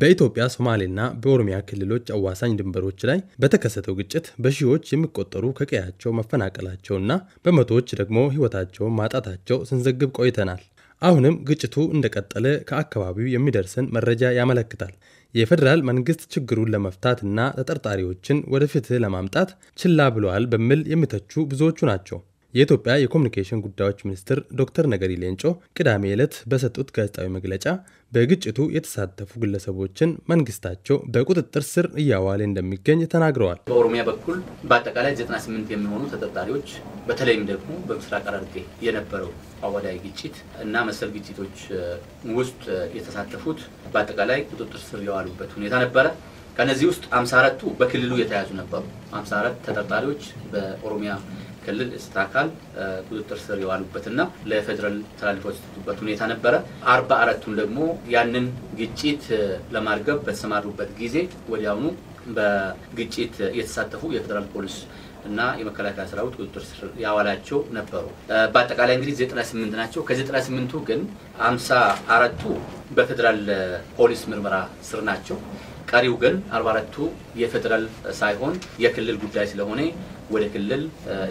በኢትዮጵያ ሶማሌና በኦሮሚያ ክልሎች አዋሳኝ ድንበሮች ላይ በተከሰተው ግጭት በሺዎች የሚቆጠሩ ከቀያቸው መፈናቀላቸውና በመቶዎች ደግሞ ሕይወታቸውን ማጣታቸው ስንዘግብ ቆይተናል። አሁንም ግጭቱ እንደቀጠለ ከአካባቢው የሚደርሰን መረጃ ያመለክታል። የፌዴራል መንግስት ችግሩን ለመፍታትና ተጠርጣሪዎችን ወደ ፍትህ ለማምጣት ችላ ብለዋል በሚል የሚተቹ ብዙዎቹ ናቸው። የኢትዮጵያ የኮሚኒኬሽን ጉዳዮች ሚኒስትር ዶክተር ነገሪ ሌንጮ ቅዳሜ ዕለት በሰጡት ጋዜጣዊ መግለጫ በግጭቱ የተሳተፉ ግለሰቦችን መንግስታቸው በቁጥጥር ስር እያዋለ እንደሚገኝ ተናግረዋል። በኦሮሚያ በኩል በአጠቃላይ 98 የሚሆኑ ተጠርጣሪዎች በተለይም ደግሞ በምስራቅ ሐረርጌ የነበረው አወዳይ ግጭት እና መሰል ግጭቶች ውስጥ የተሳተፉት በአጠቃላይ ቁጥጥር ስር የዋሉበት ሁኔታ ነበረ። ከነዚህ ውስጥ 54ቱ በክልሉ የተያዙ ነበሩ። 54 ተጠርጣሪዎች በኦሮሚያ ክልል የጸጥታ አካል ቁጥጥር ስር የዋሉበትና ለፌዴራል ተላልፈው የሰጡበት ሁኔታ ነበረ። አርባ አራቱን ደግሞ ያንን ግጭት ለማርገብ በተሰማሩበት ጊዜ ወዲያውኑ በግጭት የተሳተፉ የፌዴራል ፖሊስ እና የመከላከያ ሰራዊት ቁጥጥር ስር ያዋላቸው ነበሩ። በአጠቃላይ እንግዲህ ዘጠና ስምንት ናቸው። ስምንቱ ግን አምሳ ቱ በፌዴራል ፖሊስ ምርመራ ስር ናቸው። ቀሪው ግን 44ቱ የፌዴራል ሳይሆን የክልል ጉዳይ ስለሆነ ወደ ክልል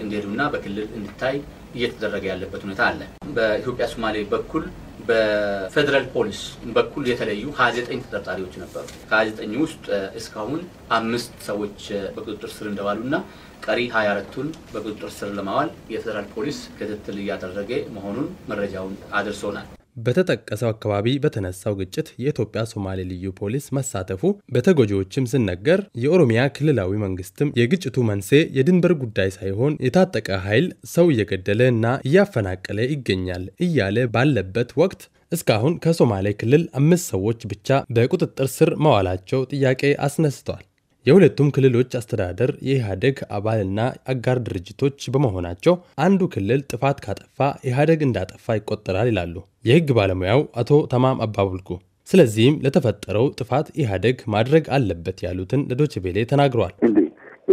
እንዲሄዱና በክልል እንዲታይ እየተደረገ ያለበት ሁኔታ አለ። በኢትዮጵያ ሶማሌ በኩል በፌዴራል ፖሊስ በኩል የተለዩ 29 ተጠርጣሪዎች ነበሩ። ከ29 ውስጥ እስካሁን አምስት ሰዎች በቁጥጥር ስር ና ቀሪ 24ቱን በቁጥጥር ስር ለማዋል የፌደራል ፖሊስ ክትትል እያደረገ መሆኑን መረጃውን አድርሶናል። በተጠቀሰው አካባቢ በተነሳው ግጭት የኢትዮጵያ ሶማሌ ልዩ ፖሊስ መሳተፉ በተጎጂዎችም ሲነገር የኦሮሚያ ክልላዊ መንግስትም የግጭቱ መንስኤ የድንበር ጉዳይ ሳይሆን የታጠቀ ኃይል ሰው እየገደለ እና እያፈናቀለ ይገኛል እያለ ባለበት ወቅት እስካሁን ከሶማሌ ክልል አምስት ሰዎች ብቻ በቁጥጥር ስር መዋላቸው ጥያቄ አስነስቷል። የሁለቱም ክልሎች አስተዳደር የኢህአደግ አባልና አጋር ድርጅቶች በመሆናቸው አንዱ ክልል ጥፋት ካጠፋ ኢህአደግ እንዳጠፋ ይቆጠራል ይላሉ የህግ ባለሙያው አቶ ተማም አባቡልኩ። ስለዚህም ለተፈጠረው ጥፋት ኢህአደግ ማድረግ አለበት ያሉትን ለዶችቬሌ ተናግረዋል።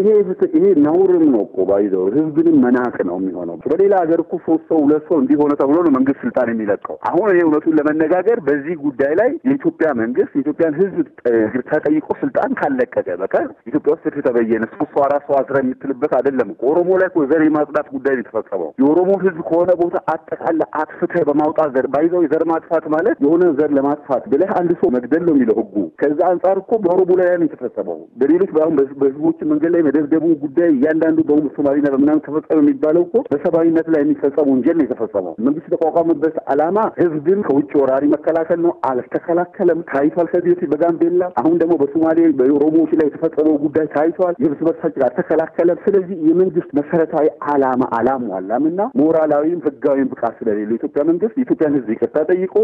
ይሄ ይሄ ነውርም ነው እኮ ባይዘው ህዝብንም መናቅ ነው የሚሆነው። በሌላ ሀገር እኮ ሶስት ሰው ሁለት ሰው እንዲሆነ ተብሎ ነው መንግስት ስልጣን የሚለቀው። አሁን እኔ እውነቱን ለመነጋገር በዚህ ጉዳይ ላይ የኢትዮጵያ መንግስት የኢትዮጵያን ህዝብ ተጠይቆ ስልጣን ካለቀቀ በቀር ኢትዮጵያ ውስጥ ፍትህ ተበየነ ሶስት ሰው አራት ሰው አስረ የምትልበት አይደለም እኮ ኦሮሞ ላይ ዘር የማጽዳት ጉዳይ ነው የተፈጸመው። የኦሮሞ ህዝብ ከሆነ ቦታ አጠቃለ አጥፍተህ በማውጣት ዘር ባይዘው የዘር ማጥፋት ማለት የሆነ ዘር ለማጥፋት ብለህ አንድ ሰው መግደል ነው የሚለው ህጉ። ከዛ አንጻር እኮ በኦሮሞ ላይ ነው የተፈጸመው። በሌሎች በአሁን በህዝቦች መንገድ ላይ የመደብደቡ ጉዳይ እያንዳንዱ በሙሉ ሶማሌና በምናምን ተፈጸመ የሚባለው እኮ በሰብአዊነት ላይ የሚፈጸም ወንጀል ነው የተፈጸመው። መንግስት የተቋቋመበት አላማ ህዝብን ከውጭ ወራሪ መከላከል ነው። አልተከላከለም። ታይቷል። ከዚህ በፊት በጋምቤላ አሁን ደግሞ በሶማሌ በኦሮሞዎች ላይ የተፈጸመው ጉዳይ ታይቷል። የብስ በሳጭ አልተከላከለም። ስለዚህ የመንግስት መሰረታዊ ዓላማ አላሟላም እና ሞራላዊም ህጋዊም ብቃት ስለሌለው ኢትዮጵያ መንግስት የኢትዮጵያን ህዝብ ይቅርታ ጠይቆ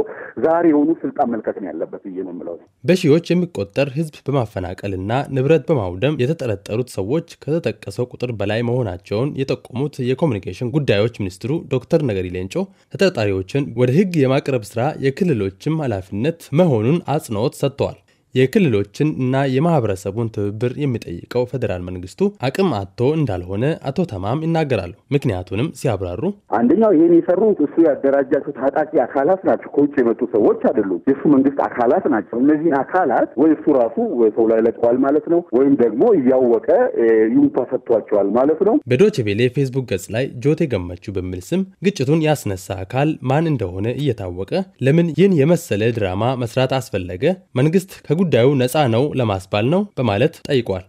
ዛሬ የሆኑ ስልጣን መልቀቅ ነው ያለበት ብዬ ነው የምለው። በሺዎች የሚቆጠር ህዝብ በማፈናቀልና ንብረት በማውደም የተጠረጠሩት ሰዎች ሰዎች ከተጠቀሰው ቁጥር በላይ መሆናቸውን የጠቆሙት የኮሚኒኬሽን ጉዳዮች ሚኒስትሩ ዶክተር ነገሪ ሌንጮ ተጠርጣሪዎችን ወደ ሕግ የማቅረብ ስራ የክልሎችም ኃላፊነት መሆኑን አጽንኦት ሰጥተዋል። የክልሎችን እና የማህበረሰቡን ትብብር የሚጠይቀው ፌዴራል መንግስቱ አቅም አጥቶ እንዳልሆነ አቶ ተማም ይናገራሉ። ምክንያቱንም ሲያብራሩ አንደኛው ይህን የሰሩት እሱ ያደራጃቸው ታጣቂ አካላት ናቸው። ከውጭ የመጡ ሰዎች አይደሉም። የእሱ መንግስት አካላት ናቸው። እነዚህን አካላት ወይ እሱ ራሱ ሰው ላይ ለቀዋል ማለት ነው፣ ወይም ደግሞ እያወቀ ይሁንታ ሰጥቷቸዋል ማለት ነው። በዶቼ ፌስቡክ ገጽ ላይ ጆቴ ገመቹ በሚል ስም ግጭቱን ያስነሳ አካል ማን እንደሆነ እየታወቀ ለምን ይህን የመሰለ ድራማ መስራት አስፈለገ? መንግስት ከጉ ጉዳዩ ነፃ ነው ለማስባል ነው በማለት ጠይቋል።